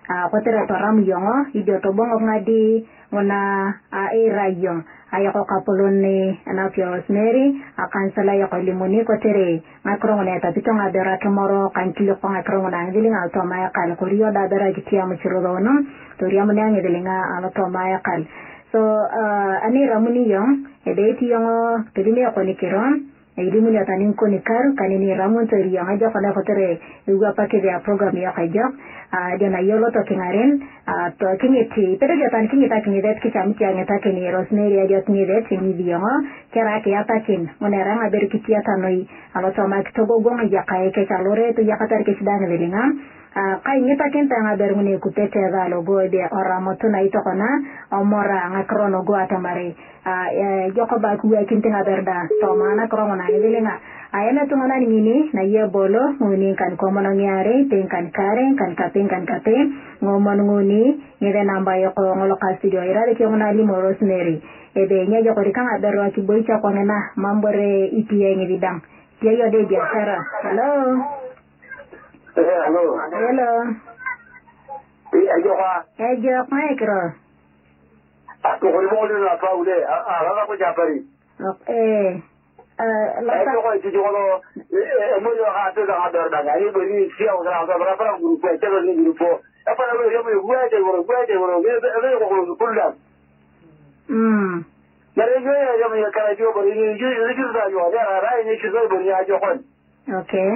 ko tere to ram yongo idio to bongo ngadi ngona e ai rayong ayoko kapulon ni anak yo Rosemary akan sala yo limuni ko tere makrong ne ta bito nga dera tomoro kan kilo pa makrong na ngili nga ano, to maya kal kuriyo da dera gitia mo chiro do no ah, ano, to ah, riya eh, mo nga ngili nga to maya kal so ani ramuni yo edeti yo kedile ko ni kiron elimu ya tanin ko ni kar kanini ramon to yang aja jafana kotere iwa pake ya program ya kajo ah, a na yolo to kingaren a ah, to kingeti pero ya tan kingeta kingedet ki cham ti anga takini rosemary ah, ya jot ni det ni dionga kera ke atakin monera ma ber noi, tanoi alo to ma to gogo ma ya kae ke kalore to ya katar ke sidanga qayngipa ah, kinta nga bermuni kutete go de ora motuna itokona omora nga krono go atamari joko ah, ya, ba kuwe kinti nga berda to mana krono na ngile nga ayana ah, tungana ngini na ye bolo nguni kan komono ngiare ten kan kare kan kape kan kape ngomon nguni ngire namba yoko ngolo ira irade ke ngona limo rosemary ebe nya yoko boi berwa kiboicha konena mambore ipie ya ngididang Yayo de biashara. Halo. hello. hello. ẹjọ pa. ẹjọ pa ìkìrọ. àtòkòrò mọ́wọ́ nínú àfa wulẹ̀ àràbà kọjá abẹ́rẹ́. ẹjọ pa ìtìjú kọlọ ẹmọdé ọha àti ọha bẹ̀rẹ̀ dàgbà ní ìgbẹ́ ní ìsí àwọn ọ̀sán àwọn ọ̀sán fara gùrù pẹ̀ tẹ́lẹ̀ ní gùrù pọ̀ ẹ fara bẹ̀rẹ̀ yọmọ ìwé ẹ̀jẹ̀ wọ̀rọ̀ ìwé ẹ̀jẹ̀ wọ̀rọ̀ ẹ̀rẹ́ ìkọ̀kọ̀rọ̀ sùkúrù dà. yàrá ìjọ yẹn yọmọ yẹn kára ìjọ bọ̀rẹ̀ ní ìjọ ìjọ ìjọ ìjọ ìjọ ìjọ ìjọ ìjọ ìjọ ìjọ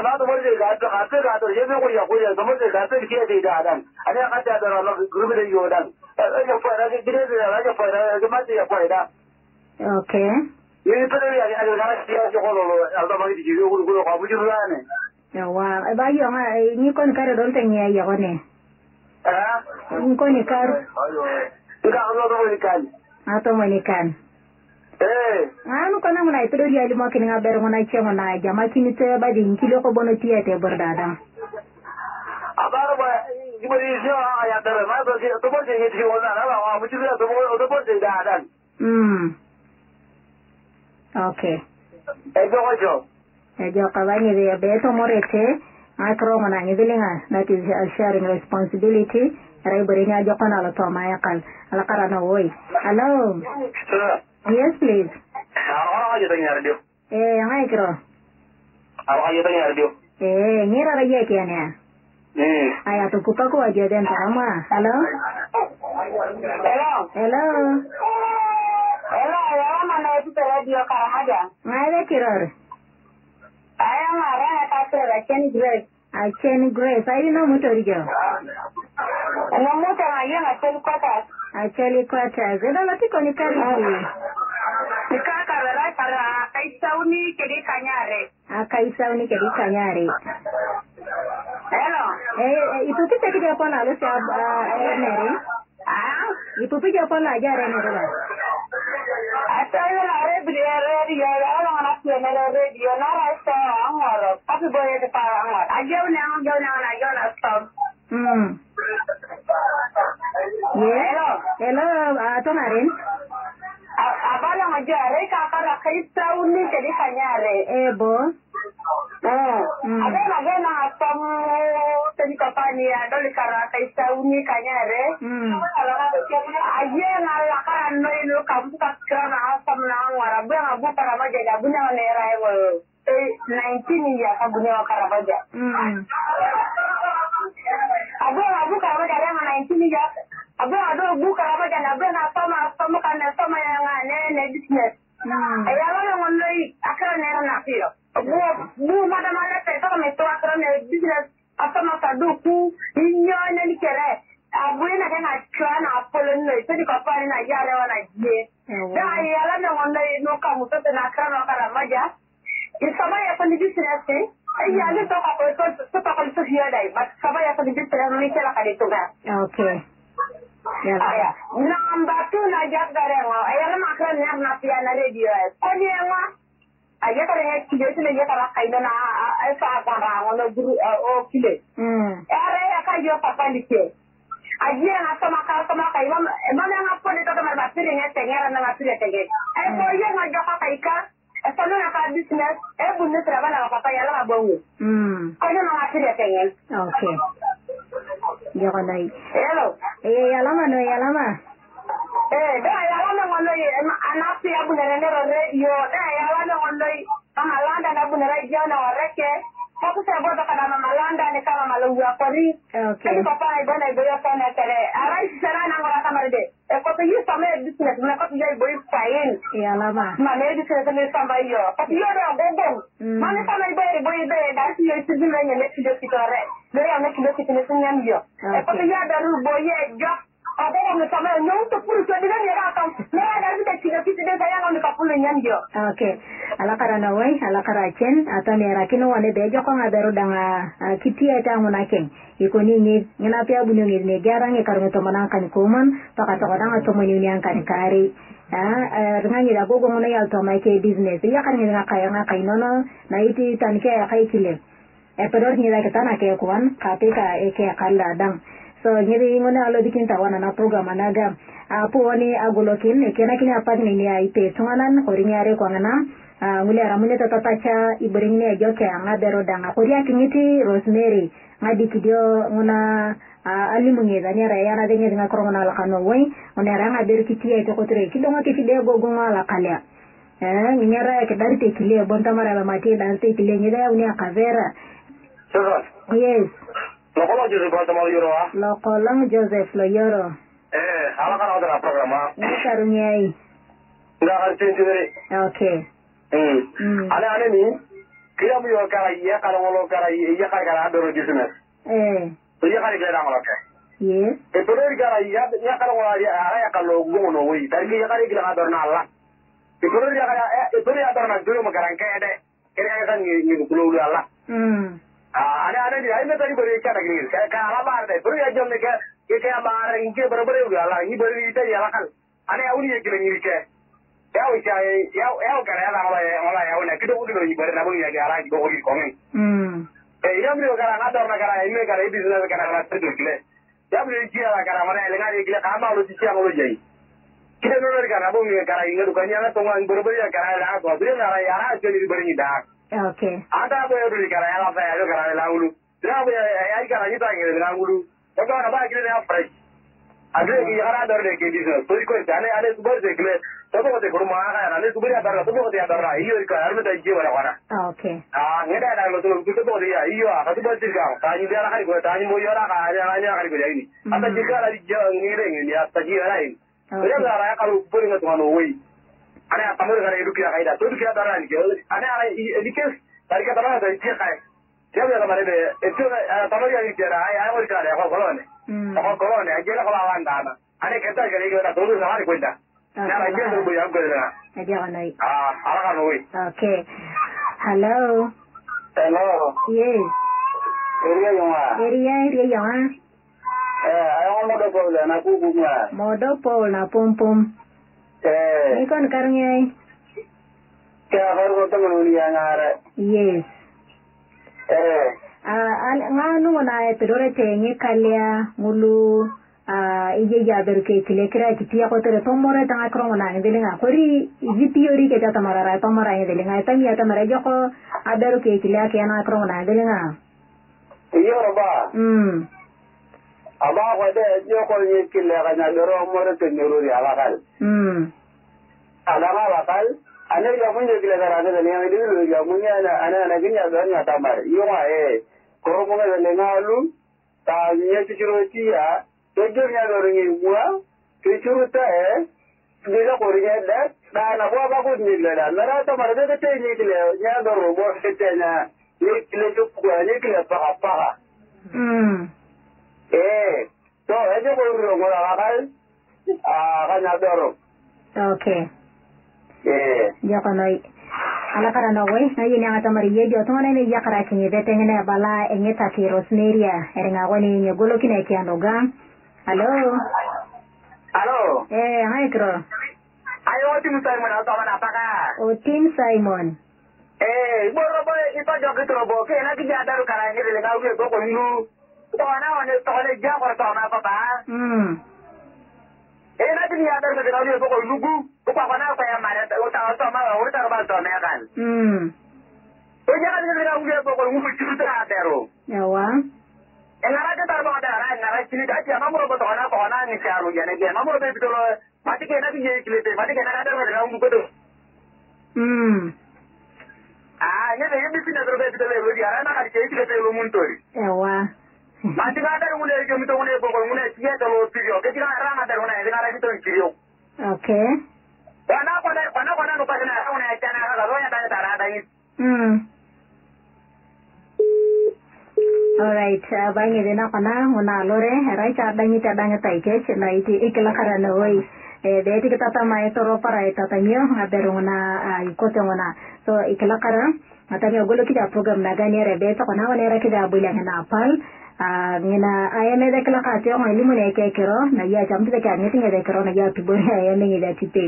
tamaadu markay gaadho qabsi gaadho yadii qoya qoya markay gaadho ilkiyeeda yidhaahdaan aniga qadaadara gurmida yoodhan okay ninkoni kar edolta ng'ia yokone ninkoni kar nkaotomoni kan atomonikani ngano kana ngona ipedo dia limo kini ngabere ngona che ngona jama kini te badi nkilo ko bono tiya te bordada abaro ba jimori jo aya tere ma do je to boje yiti wona na wa mu jira to bo to boje da dan mm okay ejo ojo ejo kawani re be to morete akro ngona ngidilinga that is a sharing responsibility rai borenya ajo kana lo to ma yakal ala karana woi hello Yes, please. Araxayatanya radio. Eh, micro. Araxayatanya radio. Eh, nyira raja kiana. Aya tukupa kwa jodan tarama. Hello? Hello. Hello. Hello, yama na yetu radio karahaja. Ngaida kiror. Aya mara ya kasera cheni grace. അച്ഛൻ Grace അതിനോ മുട്ടൊരിക്കോ അച്ഛലി quarters ഇതല്ല tiko ni karibu nikakarora kara kaisauni kedi kanyare akaisauni kedi kanyare hello eh itutite kidio pona alusi abneri Mary. ah ipo pa japan na jara na ra ata yo na re bi re di yo la na na se na re re di yo na ra sa ang ro pa pi boye de pa ang ro a jeu na ang jeu na na yo na sa hmm ye hello hello ato na rin a pa la ma jare ada ni kapani ya doli kara kai sauni kanyare aje aja la kara no ino kampu kakra na hasam na wara bu na bu para maja ya bu na ne rai wo 19 ya ka bu na kara na ci bëkk ci ne suñu leen jox et comme yaa daru boo yee jox ako ko sama ñoom to pour ci diga ni ka tam na da bi ci da ci da ya ngam ka pulu nyan jo ah, okay ala kara na wai ala kara chen ata ne ra kino wane be jo ko nga beru danga ah, kitia ya ta ngona ken iko ni ni ngina pia bunyo ni ne gara ngi ya kar ngi to manan kan ko man to ka to ka danga to moni ni an kan kare ah, eh, ringa ni da gogo ngona yal to ma ke business ya kan ni na kaya na kai nono na iti tan ke ya kai kile etororkinyeta kitana kekuan katika eke kaladan so nyiri ngone alodikin tawana na program anaga apu oni agolokin ekena kinya apak ni ya ipe tunganan koringi are kwangana ngule aramunye tatatacha iboringi ya joke ngadero danga koria kinyiti rosemary ngadikidio ngona alimunyeza ni raya na denye nga korona la kanu wai ngone ranga der kitia ito kotre kidonga kifide gogo ngala kalya eh kidari tekile bonta mara ba dan tekile nyira ya unia kavera yes noqolo joseph hadama la yoro ah noqolo joseph la yoro ee eh, hala qara hadana program ah nakarunyay nga hartentidere okay mm ana mm. anani kiram yo kara ye kara wolo kara ye kara kara adoro jismes ee eh. ye kara kara wolo kara yes e pore kara ye ye kara wolo ara ah, ya kala ogun no wi tarki e, ye kara kara adoro na alla e pore kara e pore adoro na duro magaran kede kere kara ni ni kulo alla mm കാളമാരുടെ എപ്പോഴും കേൾക്കാൻ മാറ എനിക്ക് ബെറബറേ ഉള്ളൂ ഈ ബെറു വീട്ടെ ഇളക്കൽ അനെ അവനിയേക്കില്ല ഇരിക്കെ yaw jaye yaw yaw kare ala wala wala yaw na kido udo yi bare na bo ya gara go ori ko men mm e yam ni gara na do na gara yi me gara yi business gara na tredo kile yam ni ji ala gara wala ele ngari kile ka ma lo ti ya lo jayi kide no no gara bo mi gara yi ngedu kan ya na to ngwan boro boro ya gara ala go bi na ara ya ara je ni bare ni da laawulu laawulu ಒಬ್ಬ ಬಾಗಿಲಿದೆ ಫ್ರೈ ಅಂದ್ರೆ ಈ ಹರಾದವ್ರನ್ನೇ ಕೇಳಿದ್ರು ತೋರಿಕೊಳ್ತೆ ಅದೇ ಅದೇ ಸುಮಾರು ಸಿಗ್ಲೆ ತಗೋತೆ ಕುಟುಂಬ ಅದೇ ಸುಮಾರು ಯಾತಾರ ತಗೋತೆ ಯಾತಾರ ಅಯ್ಯೋ ಇರ್ಕ ಅರವತ್ತು ಅಜ್ಜಿ ವರ ವರ അങ്ങനെ കിട്ടു തോന്നിയ അയ്യോ അത് പഠിച്ചിരിക്കാം താഞ്ഞിന്റെ കളിക്കുക താഞ്ഞ് പോയോരാ കളിക്കൂല അതിന് അത്തജിക്കാളെ ഇങ്ങനെ എങ്ങനെ അത്തജീവനായി ഒരു ഉപ്പ് നിങ്ങൾ തോന്നുന്നു പോയി ane a tamir gara iru kia gaida, tuir kia dara nike, ane a nikez, tarika dara nike, tia kai, tia bia gara ebe, etu a tamir gara nike, ane a mori kare, ako kolone, ako kolone, a gira kola wanda ama, ane keta gara ike, da tuir gara kuenta, ane a gira gara buia, ane gara, ah, ala gara nui, ok, hello, hello, yes, Eria yunga. Eria, Eria yunga. Eh, ayo modopo le, na kukumwa. Modopo, na pum pum. Eh. Ikon karunge ai. Eh? Ke agar ko tang nuli angare. Yes. Eh. Ah, al nga nu na ai pedore te ni kalia mulu ah ije ja der ke kile kra ti ya ko tere to more tang akro na ni de nga kori ji ti ori ke ta mara ra to mara ni de nga ta mi ta mara jo ko adaru ke kile ke na akro na de nga. Iyo ba. Hmm. aba gode je ko ye kille ga nya doro more te nyururi aba kal mm ada ma aba kal ane ya munye kille ga rade ne ya dilu ya munye ana ana na ginya do nya tamar yo ma e ko mo ga le ngalu ta nye ti chiro ti ya to jo nya do ri muwa ti chiro ta e ni ga ko ri da da na ko ba ko ni le da na ra ta mar de te ni kille nya do ro bo te nya ni kille ju ko ni kille pa pa mm to ejo ko ro ko ra kal a ka na doro okay eh ya ka nai ala kara na wei na yini ngata mari ye jo tona ne ya kara kinye bete ngene bala enye ta ti rosmeria erenga wani nye golo kina ki anoga alo alo eh hai kro ayo ti mu simon ata wana paka o tim simon eh bo robo ipa jo kitro bo ke na ki ja daru kara ngire le ka wi go ko ngu toonawani soxla jaaxor soxna fo baa ena tigi yadar ko tinaw ye fokoy lugu ko kwa kona ko yamare utawa soma wa kan o jaga ni tinaw ye fokoy ngu ci uta dero yawa enara ta tar ba da ra enara ci da ci amamro ni charu jane ge amamro be bitolo mati ke na bi ye kilete mati ke na ka dar ko tinaw ngu ah ne be bi tinaw be bitolo lo di ara na ka ci kilete lo mun ati ada dar ngune ke mito ngune ko ngune tiye to lo tiyo ke tira ranga dar ngune ke nara mito tiyo okay wana na ga roya ta ta ra dai hmm Alright, uh, bang ini nak kena nguna lore, herai cadang itu cadang itu nah, ikhlas karena woi. Eh, dari kita tamai toro para itu tamio ngaberu nguna ah, ikut nguna, so ikhlas karena. Atanya gulo kita program naga ni rebe, so kena wala kita abulah apal ngina ayame de kala ka tiyo ngai limune ke kero na ya jam de ka ngiti ngada kero na ya tubo ya ayame de tipe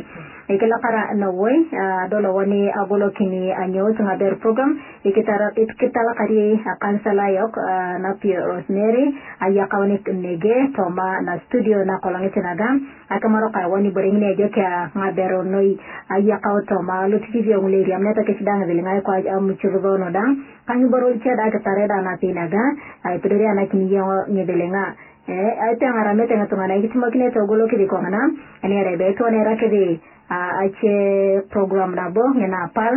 e kala kara na woi dolo woni abolo kini anyo tanga der program e kitara it la kari kansala yok na pio rosemary aya kawani nege toma na studio na kolangi tinaga akamaro ka wani boring ne jo ka ngabero noi aya kaw toma lutiki vyo ri amne ta kisidanga lingai kwa amuchugo no da kanyu borol da ka tare da na tinaga ay pedori Eh, na kini yo nye belenga eh ate rame te tunga na ikituma kine togolo kidi ko ngana ani rebe to ne rakedi ache program na bo na pal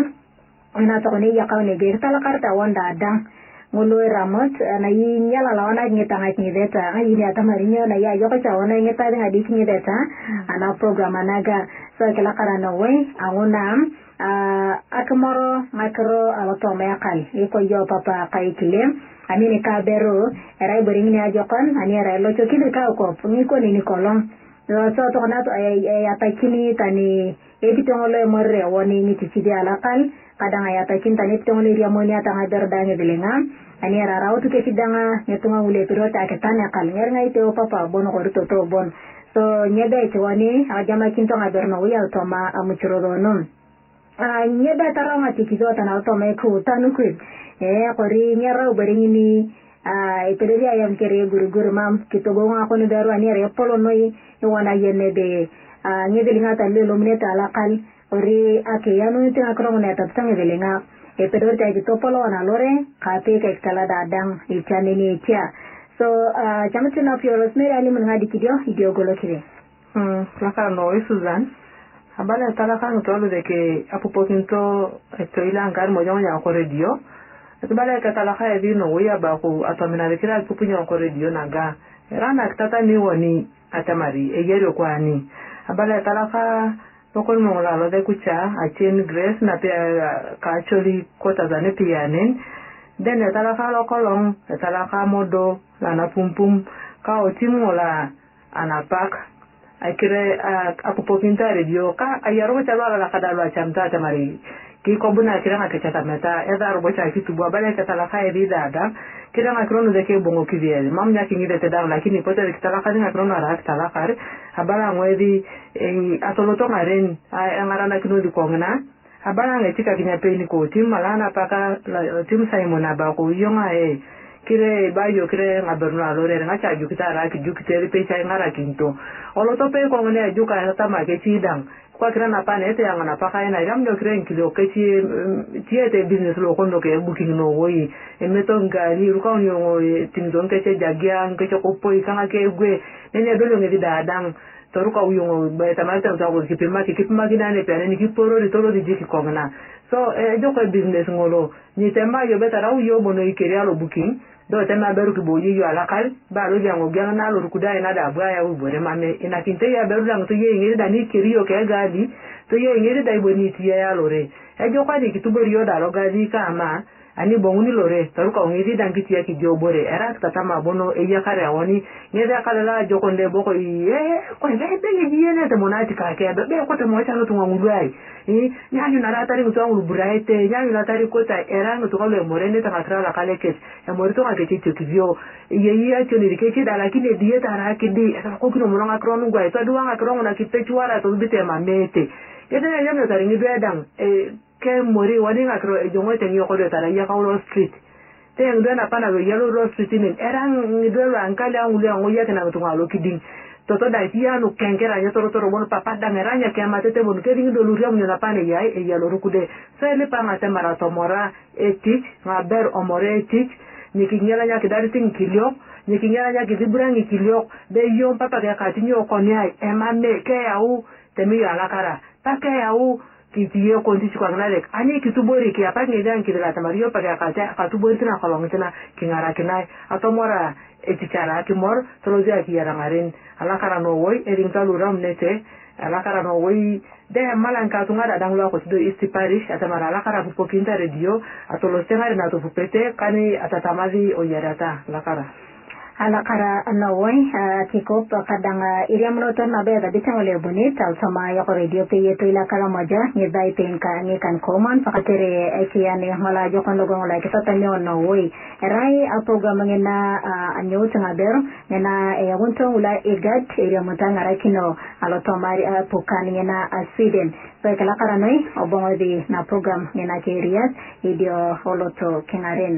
na to ya yakau ne iya gerta la karta wanda dang ngoloi e ramot na yi nyala la ona ngi tanga ngi deta ngi ni ata marinyo na ya yo kacha ona ngi ta nga ana hmm. program anaga so kara na we angona akamoro makro awatome akal iko e yo papa kilem ani ni ka beru era bering ni ajokan ani era lo choki ko ni ko ni kolong lo so to na to ya eh, eh, ta kini tani e eh, bi to lo mo re woni ni ti kan. kadang ya ta kin tani to ni ria mo ni ata ha ber da ni belenga ani era ra to ke ti danga ne piro ta ke tani ngai papa bon ko to to bon so nyebe ti woni ajama kin to ha ber no ya to ma amuchuro do non ti ta na to me ku tanu ku eh kori ngero bari ngini ah itere dia yang kere guru guru mam kita gong aku ni daru ani re polo noi e wana yen ne be ah nge de linga tan lelo mne ta la kal ori ake ya no ite akro mne ta tsang e de linga e eh, pedo ta ji to polo ana lore ka te ka ikala da dang i chane ni e tia so ah chama tsu na pio rosme ra ni mun ngadi kidio idio golo kire hmm la kala no e suzan Habala talakan utolo deke apopokinto eto ilangar moyonga ya okore dio. ekibala talaha evino wiyaba ku atominabikira alipupunyo ko redio naga rana kitata ni woni atamari eyero kwani abala talaha lokol mongola lode kucha achen grace na pia kacholi kota zane pianen den talaha lokolong talaha modo lana pumpum ka otimu la anapak akire akupopinta redio ka ayaro chalwa la kadalwa chamta atamari kira na kikobuna kiranga kechakame cha kitu bwa bale katalaka ethi dada kiranga kirono zeke bongo kivyezi mam nya kingirete dawa lakini pote kitalaka zinga kirono ara kitalaka re habara ngwezi e, atoloto ngaren angarana kinodi kongna habara kinya peini ko tim malana paka tim bako abako nga e kire bayo kire na lore nga cha jukita ra ki jukiteri pe cha ngara kinto oloto pe kongne juka hata ma ke chidang kwa kira na pa nete yang na pa kaya jam do kira inki ke tie tie te business lo kondo ke booking no woi e meto ngari ruka on yo tin don ke che jagia ke che kopoi kanga ke gwe nene do lo da dang toru uyo ba ta ma ta ko ki pima ki pima ki pe ne ki ri toro ri ji kongna so e jo business ngolo ni tema yo beta ra uyo bono ikere booking do tema beru kiboyo yo alakal ba lo jango gyan na lo kuda ina da bwa ya ubore mame ina kinte ya beru lang to ye ngiri da ni kiriyo ke gali to ye ngiri da iboni ti ya lore e jo kwa ni kitubori yo da lo gali kama ani bonguni lore taruka ongiri dan kitiya ki jobore erat kata ma bono e ya kare awoni ngeda kala la jokonde boko ye eh, ko be be ye ne te monati ka ke be ko te mo e chano tunga ngudai nyanyu nyanyunara atari ngutwangu luburaete nyanyuna atari kota erangu tukalo emorende tangatirala kalekech emori tongakechetiokivyo yeyi da lakini diye di kukino nga kronu kronu nguwa aduwa ediye tarakidi etakakokino mono ng'akironu e. ya etwadua ng'akirong'u nakipechuara tobibite emamete yetenyanyamio taring'idwe edang e, kemori wadi ng'akiro ejong'ote ng'iyokodo tarayakaulo street te ng'idwe napana lo yalo lo street inen erang ng'idwe lwankali ang'ulu ang'oyakina ng'itung'alo kiding' toto kengera tiyanu toro toro bon papa da meranya ke matete bon ke ringi dolu riam nyona pane yai e yalo e rukude ele pa ngate marato mora etik ngaber omore etik nikinyela nya kidari ting kilio nikinyela nya kidibrangi kilio de yon papa ke katinyo okonyai emame ke ya u temi ya yala kara take yau kitiyo kondi chikwa nglalek ani kitubori ke apa yo pa tamario kati akate akatubori tina kolong tina kingara kinai atomora ekicara kimor tolozi akiyarang'arin alakarano woi eringtaluram nete alakarano woi de malankatung'ar adang lo akosido isti parish atamar alakara pupokinta redio atolosteng'ar natopupete kani atatamathi oyarata lakara ala kara ಅಲಕರ ನೋವೈ ತಿಕೋಪ್ ಕದಂಗ ಇರಿಯಮನೋತನ್ ನಬೆ ರದಿಸಂಗಲೆ ಬುನಿತ್ ಅಲ್ಸಮಾಯ radio ಪಿ ಏತು ಇಲಾಕರ ಮಜ ನಿರ್ದಾಯಿ ಪೇನ್ಕ ಅಂಗೆ ಕನ್ ಕೋಮನ್ ಪಕತೆರೆ ಐಕಿಯ ನೆಹಮಲ ಜೋಕನ್ ಲೋಗಂಗಳ ಕಿಸ ತನ್ಯೋ ನೋವೈ rai apo gamang na anyo tangaber na yagunto eh, ula igat iriyamuta ngarakino alotomari ah, pukan na asiden ah, Sweden pekala karanoy obong di na program ngena keriyat idio holoto kengaren